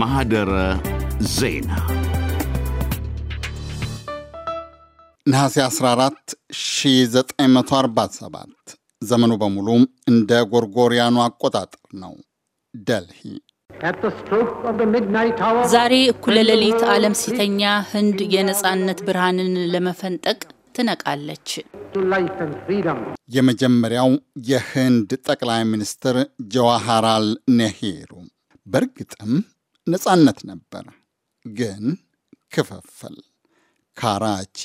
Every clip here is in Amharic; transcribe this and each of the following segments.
ማህደረ ዜና ነሐሴ 14 1947 ዘመኑ በሙሉ እንደ ጎርጎሪያኑ አቆጣጠር ነው። ደልሂ ዛሬ እኩለ ሌሊት ዓለም ሲተኛ ህንድ የነፃነት ብርሃንን ለመፈንጠቅ ትነቃለች። የመጀመሪያው የህንድ ጠቅላይ ሚኒስትር ጀዋሃራል ኔሄሩ። በእርግጥም ነጻነት ነበር፣ ግን ክፍፍል ካራቺ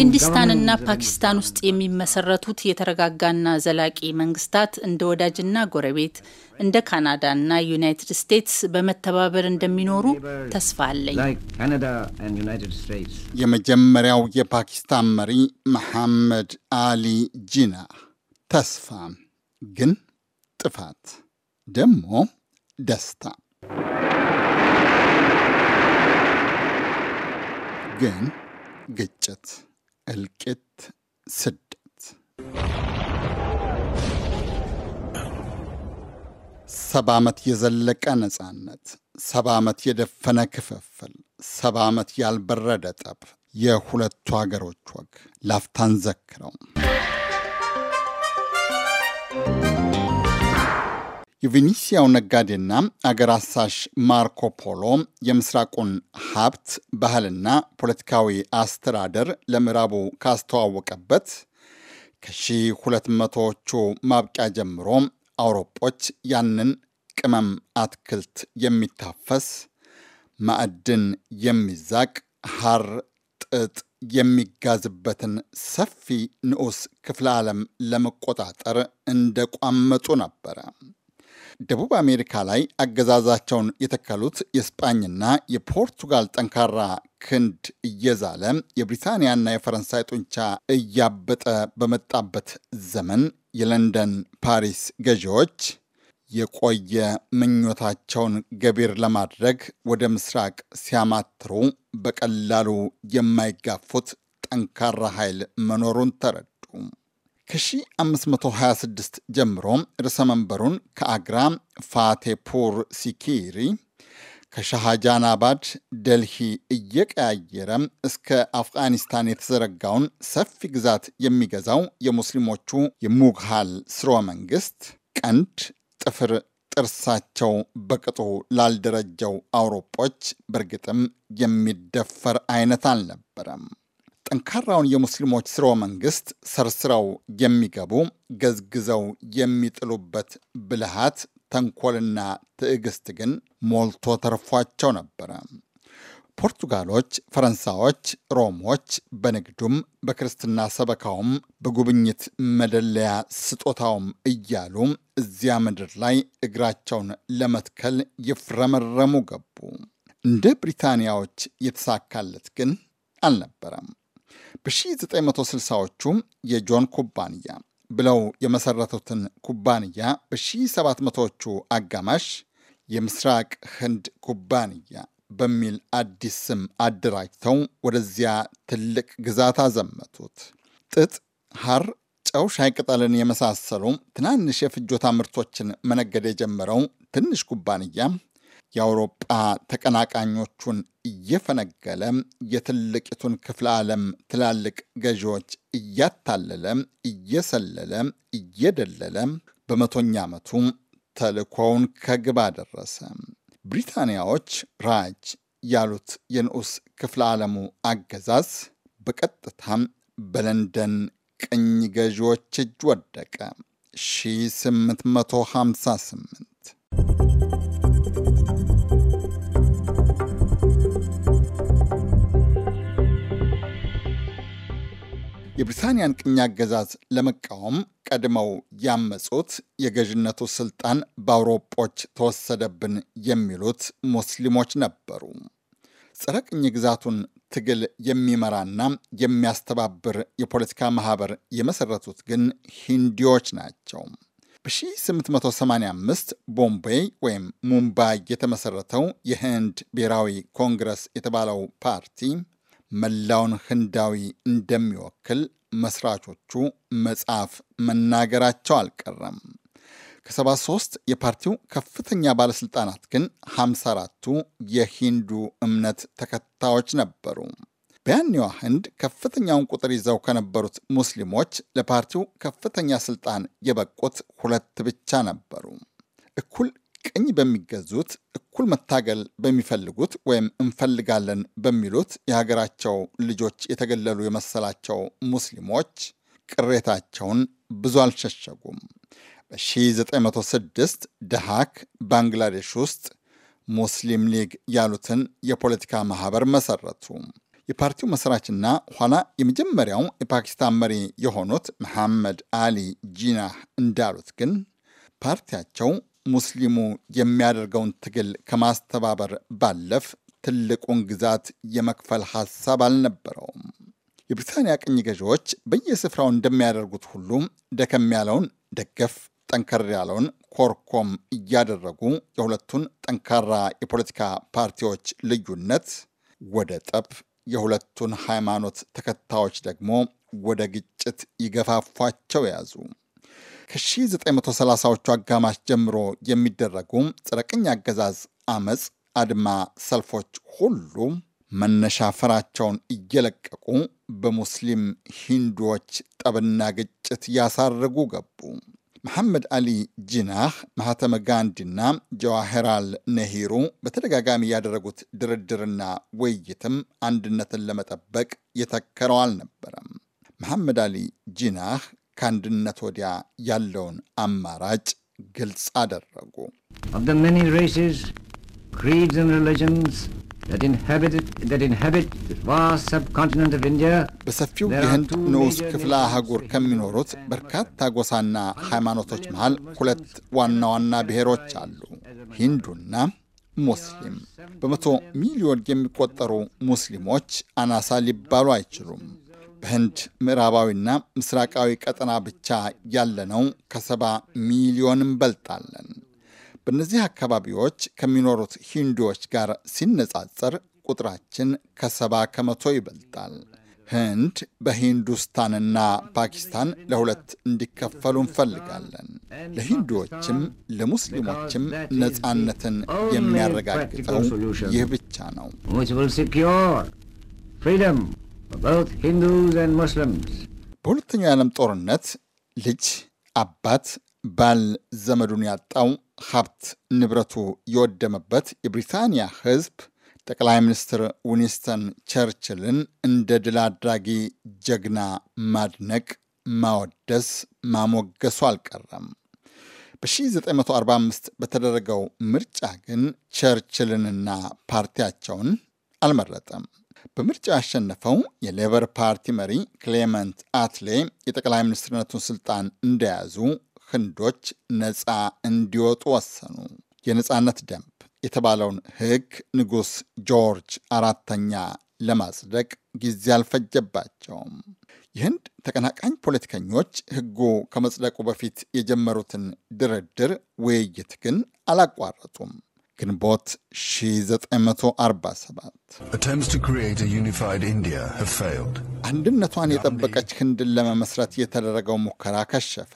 ሂንዲስታንና ፓኪስታን ውስጥ የሚመሰረቱት የተረጋጋና ዘላቂ መንግስታት እንደ ወዳጅና ጎረቤት እንደ ካናዳና ዩናይትድ ስቴትስ በመተባበር እንደሚኖሩ ተስፋ አለኝ። የመጀመሪያው የፓኪስታን መሪ መሐመድ አሊ ጂና ተስፋ ግን ጥፋት ደግሞ ደስታ ግን ግጭት፣ እልቂት፣ ስደት ሰባ ዓመት የዘለቀ ነፃነት፣ ሰባ ዓመት የደፈነ ክፍፍል፣ ሰባ ዓመት ያልበረደ ጠብ የሁለቱ አገሮች ወግ ላፍታን ዘክረው የቬኒሲያው ነጋዴና አገር አሳሽ ማርኮ ፖሎ የምስራቁን ሀብት ባህልና ፖለቲካዊ አስተዳደር ለምዕራቡ ካስተዋወቀበት ከ1200ዎቹ ማብቂያ ጀምሮ አውሮጶች ያንን ቅመም አትክልት የሚታፈስ ማዕድን የሚዛቅ ሐር ጥጥ የሚጋዝበትን ሰፊ ንዑስ ክፍለ ዓለም ለመቆጣጠር እንደቋመጡ ነበረ። ደቡብ አሜሪካ ላይ አገዛዛቸውን የተከሉት የስጳኝና የፖርቱጋል ጠንካራ ክንድ እየዛለ የብሪታንያና የፈረንሳይ ጡንቻ እያበጠ በመጣበት ዘመን የለንደን ፓሪስ ገዢዎች የቆየ ምኞታቸውን ገቢር ለማድረግ ወደ ምስራቅ ሲያማትሩ በቀላሉ የማይጋፉት ጠንካራ ኃይል መኖሩን ተረዱ። ከ1526 ጀምሮ ርዕሰ መንበሩን ከአግራ ፋቴፑር ሲኪሪ ከሻሃጃናባድ ደልሂ እየቀያየረ እስከ አፍጋኒስታን የተዘረጋውን ሰፊ ግዛት የሚገዛው የሙስሊሞቹ የሙግሃል ስርወ መንግስት ቀንድ፣ ጥፍር፣ ጥርሳቸው በቅጡ ላልደረጀው አውሮጶች በእርግጥም የሚደፈር አይነት አልነበረም። ጠንካራውን የሙስሊሞች ስርወ መንግስት ሰርስረው የሚገቡ ገዝግዘው የሚጥሉበት ብልሃት፣ ተንኮልና ትዕግስት ግን ሞልቶ ተርፏቸው ነበረ። ፖርቱጋሎች፣ ፈረንሳዮች፣ ሮሞች በንግዱም በክርስትና ሰበካውም በጉብኝት መደለያ ስጦታውም እያሉ እዚያ ምድር ላይ እግራቸውን ለመትከል ይፍረመረሙ ገቡ። እንደ ብሪታንያዎች የተሳካለት ግን አልነበረም። በ1960ዎቹም የጆን ኩባንያ ብለው የመሰረቱትን ኩባንያ በ1700ዎቹ አጋማሽ የምስራቅ ህንድ ኩባንያ በሚል አዲስ ስም አደራጅተው ወደዚያ ትልቅ ግዛት አዘመቱት። ጥጥ፣ ሐር፣ ጨው፣ ሻይ ቅጠልን የመሳሰሉ ትናንሽ የፍጆታ ምርቶችን መነገድ የጀመረው ትንሽ ኩባንያ የአውሮጳ ተቀናቃኞቹን እየፈነገለ የትልቂቱን ክፍለ ዓለም ትላልቅ ገዢዎች እያታለለ እየሰለለ እየደለለ በመቶኛ ዓመቱ ተልእኮውን ከግብ አደረሰ። ብሪታንያዎች ራጅ ያሉት የንዑስ ክፍለ ዓለሙ አገዛዝ በቀጥታም በለንደን ቅኝ ገዢዎች እጅ ወደቀ 1858 የብሪታንያን ቅኝ አገዛዝ ለመቃወም ቀድመው ያመጹት የገዥነቱ ስልጣን በአውሮጶች ተወሰደብን የሚሉት ሙስሊሞች ነበሩ። ጸረ ቅኝ ግዛቱን ትግል የሚመራና የሚያስተባብር የፖለቲካ ማህበር የመሰረቱት ግን ሂንዲዎች ናቸው። በ1885 ቦምቤይ ወይም ሙምባይ የተመሰረተው የህንድ ብሔራዊ ኮንግረስ የተባለው ፓርቲ መላውን ህንዳዊ እንደሚወክል መስራቾቹ መጽሐፍ መናገራቸው አልቀረም። ከ73 የፓርቲው ከፍተኛ ባለሥልጣናት ግን 54ቱ የሂንዱ እምነት ተከታዮች ነበሩ። በያኔዋ ህንድ ከፍተኛውን ቁጥር ይዘው ከነበሩት ሙስሊሞች ለፓርቲው ከፍተኛ ስልጣን የበቁት ሁለት ብቻ ነበሩ። እኩል ቀኝ በሚገዙት እኩል መታገል በሚፈልጉት ወይም እንፈልጋለን በሚሉት የሀገራቸው ልጆች የተገለሉ የመሰላቸው ሙስሊሞች ቅሬታቸውን ብዙ አልሸሸጉም። በ1906 ደሃክ ባንግላዴሽ ውስጥ ሙስሊም ሊግ ያሉትን የፖለቲካ ማህበር መሰረቱ። የፓርቲው መስራችና ኋላ የመጀመሪያው የፓኪስታን መሪ የሆኑት መሐመድ አሊ ጂናህ እንዳሉት ግን ፓርቲያቸው ሙስሊሙ የሚያደርገውን ትግል ከማስተባበር ባለፍ ትልቁን ግዛት የመክፈል ሐሳብ አልነበረውም። የብሪታንያ ቅኝ ገዢዎች በየስፍራው እንደሚያደርጉት ሁሉ ደከም ያለውን ደገፍ፣ ጠንከር ያለውን ኮርኮም እያደረጉ የሁለቱን ጠንካራ የፖለቲካ ፓርቲዎች ልዩነት ወደ ጠብ፣ የሁለቱን ሃይማኖት ተከታዮች ደግሞ ወደ ግጭት ይገፋፏቸው ያዙ። ከ1930ዎቹ አጋማሽ ጀምሮ የሚደረጉ ጸረ ቅኝ አገዛዝ አመፅ፣ አድማ፣ ሰልፎች ሁሉ መነሻ ፈራቸውን እየለቀቁ በሙስሊም ሂንዱዎች ጠብና ግጭት ያሳርጉ ገቡ። መሐመድ አሊ ጂናህ፣ ማህተመ ጋንዲና ጀዋሄራል ነሂሩ በተደጋጋሚ ያደረጉት ድርድርና ውይይትም አንድነትን ለመጠበቅ የተከረው አልነበረም። መሐመድ አሊ ጂናህ ከአንድነት ወዲያ ያለውን አማራጭ ግልጽ አደረጉ። በሰፊው የህንድ ንዑስ ክፍለ አህጉር ከሚኖሩት በርካታ ጎሳና ሃይማኖቶች መሃል ሁለት ዋና ዋና ብሔሮች አሉ፣ ሂንዱና ሙስሊም። በመቶ ሚሊዮን የሚቆጠሩ ሙስሊሞች አናሳ ሊባሉ አይችሉም። በህንድ ምዕራባዊና ምስራቃዊ ቀጠና ብቻ ያለነው ከሰባ ሚሊዮን እንበልጣለን። በእነዚህ አካባቢዎች ከሚኖሩት ሂንዱዎች ጋር ሲነጻጸር ቁጥራችን ከሰባ ከመቶ ይበልጣል። ህንድ በሂንዱስታንና ፓኪስታን ለሁለት እንዲከፈሉ እንፈልጋለን። ለሂንዱዎችም ለሙስሊሞችም ነፃነትን የሚያረጋግጠው ይህ ብቻ ነው። በሁለተኛው የዓለም ጦርነት ልጅ፣ አባት፣ ባል ዘመዱን ያጣው ሀብት ንብረቱ የወደመበት የብሪታንያ ሕዝብ ጠቅላይ ሚኒስትር ዊንስተን ቸርችልን እንደ ድል አድራጊ ጀግና ማድነቅ፣ ማወደስ፣ ማሞገሱ አልቀረም። በ1945 በተደረገው ምርጫ ግን ቸርችልንና ፓርቲያቸውን አልመረጠም። በምርጫ ያሸነፈው የሌበር ፓርቲ መሪ ክሌመንት አትሌ የጠቅላይ ሚኒስትርነቱን ስልጣን እንደያዙ ህንዶች ነፃ እንዲወጡ ወሰኑ። የነፃነት ደንብ የተባለውን ህግ ንጉሥ ጆርጅ አራተኛ ለማጽደቅ ጊዜ አልፈጀባቸውም። የህንድ ተቀናቃኝ ፖለቲከኞች ህጉ ከመጽደቁ በፊት የጀመሩትን ድርድር፣ ውይይት ግን አላቋረጡም። ግንቦት 1947 አንድነቷን የጠበቀች ህንድን ለመመስረት የተደረገው ሙከራ ከሸፈ።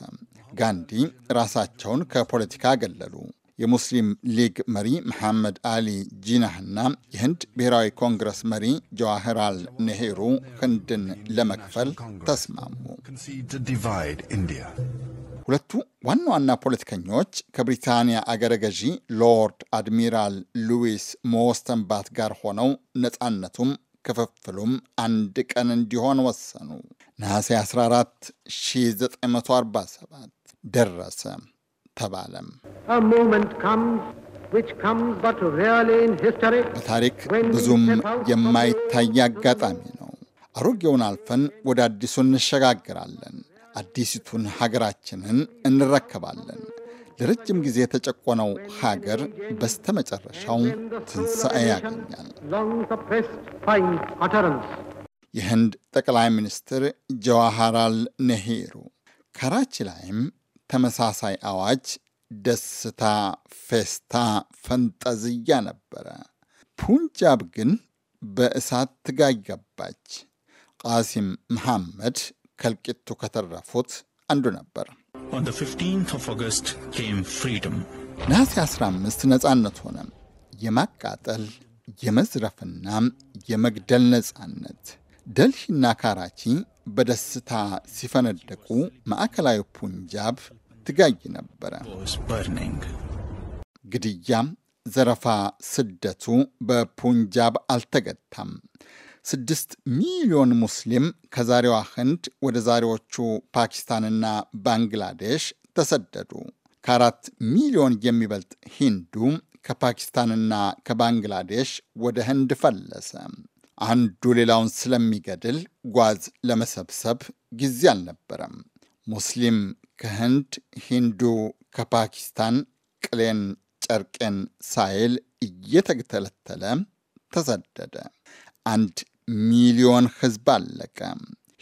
ጋንዲ ራሳቸውን ከፖለቲካ ገለሉ። የሙስሊም ሊግ መሪ መሐመድ አሊ ጂናህና የህንድ ብሔራዊ ኮንግረስ መሪ ጀዋህራል ኔሄሩ ህንድን ለመክፈል ተስማሙ። ሁለቱ ዋና ዋና ፖለቲከኞች ከብሪታንያ አገረ ገዢ ሎርድ አድሚራል ሉዊስ ሞስተንባት ጋር ሆነው ነፃነቱም ክፍፍሉም አንድ ቀን እንዲሆን ወሰኑ። ነሐሴ 14 1947 ደረሰ ተባለም። በታሪክ ብዙም የማይታይ አጋጣሚ ነው። አሮጌውን አልፈን ወደ አዲሱ እንሸጋግራለን። አዲሲቱን ሀገራችንን እንረከባለን። ለረጅም ጊዜ የተጨቆነው ሀገር በስተመጨረሻው ትንሣኤ ያገኛል። የህንድ ጠቅላይ ሚኒስትር ጀዋሃራል ነሄሩ ከራቺ ላይም ተመሳሳይ አዋጅ ደስታ፣ ፌስታ፣ ፈንጠዝያ ነበረ። ፑንጃብ ግን በእሳት ትጋይ ገባች። ቃሲም መሐመድ ከልቂቱ ከተረፉት አንዱ ነበር። ነሐሴ 15 ነፃነት ሆነ። የማቃጠል የመዝረፍና የመግደል ነፃነት። ደልሂና ካራቺ በደስታ ሲፈነደቁ፣ ማዕከላዊ ፑንጃብ ትጋይ ነበረ። ግድያም፣ ዘረፋ፣ ስደቱ በፑንጃብ አልተገታም። ስድስት ሚሊዮን ሙስሊም ከዛሬዋ ህንድ ወደ ዛሬዎቹ ፓኪስታንና ባንግላዴሽ ተሰደዱ። ከአራት ሚሊዮን የሚበልጥ ሂንዱ ከፓኪስታንና ከባንግላዴሽ ወደ ህንድ ፈለሰ። አንዱ ሌላውን ስለሚገድል ጓዝ ለመሰብሰብ ጊዜ አልነበረም። ሙስሊም ከህንድ፣ ሂንዱ ከፓኪስታን ቅሌን ጨርቄን ሳይል እየተተለተለ ተሰደደ። አንድ ሚሊዮን ህዝብ አለቀ።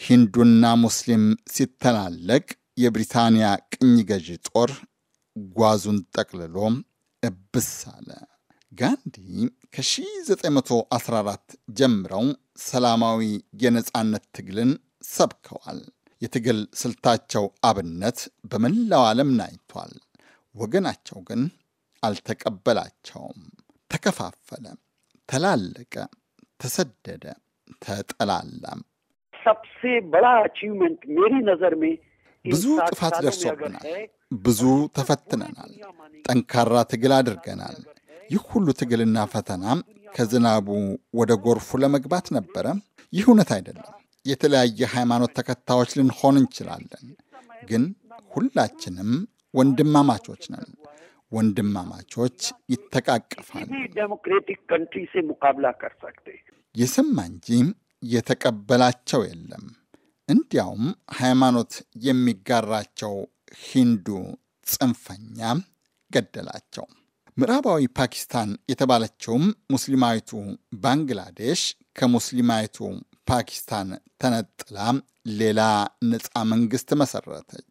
ሂንዱና ሙስሊም ሲተላለቅ የብሪታንያ ቅኝ ገዢ ጦር ጓዙን ጠቅልሎ እብስ አለ። ጋንዲ ከ1914 ጀምረው ሰላማዊ የነፃነት ትግልን ሰብከዋል። የትግል ስልታቸው አብነት በመላው ዓለም ናይቷል። ወገናቸው ግን አልተቀበላቸውም። ተከፋፈለ፣ ተላለቀ፣ ተሰደደ። ተጠላላም። ብዙ ጥፋት ደርሶብናል። ብዙ ተፈትነናል። ጠንካራ ትግል አድርገናል። ይህ ሁሉ ትግልና ፈተና ከዝናቡ ወደ ጎርፉ ለመግባት ነበረ። ይህ እውነት አይደለም። የተለያየ ሃይማኖት ተከታዮች ልንሆን እንችላለን፣ ግን ሁላችንም ወንድማማቾች ነን። ወንድማማቾች ይተቃቀፋል። የሰማ እንጂ የተቀበላቸው የለም። እንዲያውም ሃይማኖት የሚጋራቸው ሂንዱ ጽንፈኛ ገደላቸው። ምዕራባዊ ፓኪስታን የተባለችውም ሙስሊማዊቱ ባንግላዴሽ ከሙስሊማዊቱ ፓኪስታን ተነጥላ ሌላ ነፃ መንግስት መሰረተች።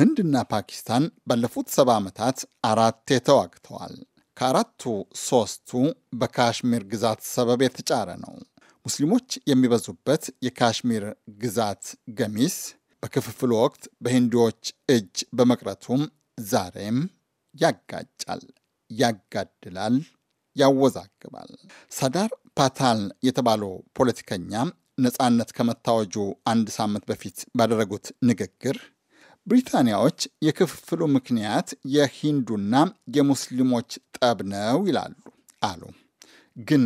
ህንድና ፓኪስታን ባለፉት ሰባ ዓመታት አራቴ ተዋግተዋል። ከአራቱ ሶስቱ በካሽሚር ግዛት ሰበብ የተጫረ ነው። ሙስሊሞች የሚበዙበት የካሽሚር ግዛት ገሚስ በክፍፍሉ ወቅት በሂንዱዎች እጅ በመቅረቱም ዛሬም ያጋጫል፣ ያጋድላል፣ ያወዛግባል። ሳዳር ፓታል የተባለው ፖለቲከኛ ነፃነት ከመታወጁ አንድ ሳምንት በፊት ባደረጉት ንግግር ብሪታንያዎች የክፍፍሉ ምክንያት የሂንዱና የሙስሊሞች ጠብ ነው ይላሉ አሉ። ግን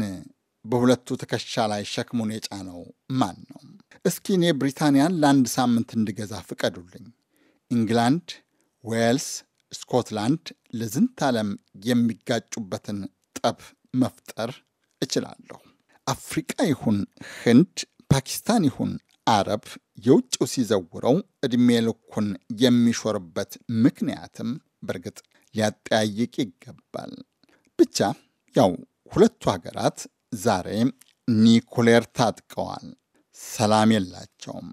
በሁለቱ ትከሻ ላይ ሸክሙን የጫነው ማን ነው? እስኪ እኔ ብሪታንያን ለአንድ ሳምንት እንድገዛ ፍቀዱልኝ። ኢንግላንድ፣ ዌልስ፣ ስኮትላንድ ለዝንት ዓለም የሚጋጩበትን ጠብ መፍጠር እችላለሁ። አፍሪቃ ይሁን ህንድ፣ ፓኪስታን ይሁን አረብ የውጭው ሲዘውረው ዕድሜ ልኩን የሚሾርበት ምክንያትም በእርግጥ ሊያጠያይቅ ይገባል። ብቻ ያው ሁለቱ ሀገራት ዛሬ ኒኩሌር ታጥቀዋል። ሰላም የላቸውም።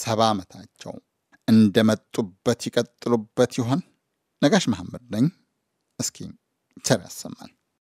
ሰባ ዓመታቸው እንደመጡበት ይቀጥሉበት ይሆን? ነጋሽ መሐመድ ነኝ። እስኪ ቸር ያሰማል።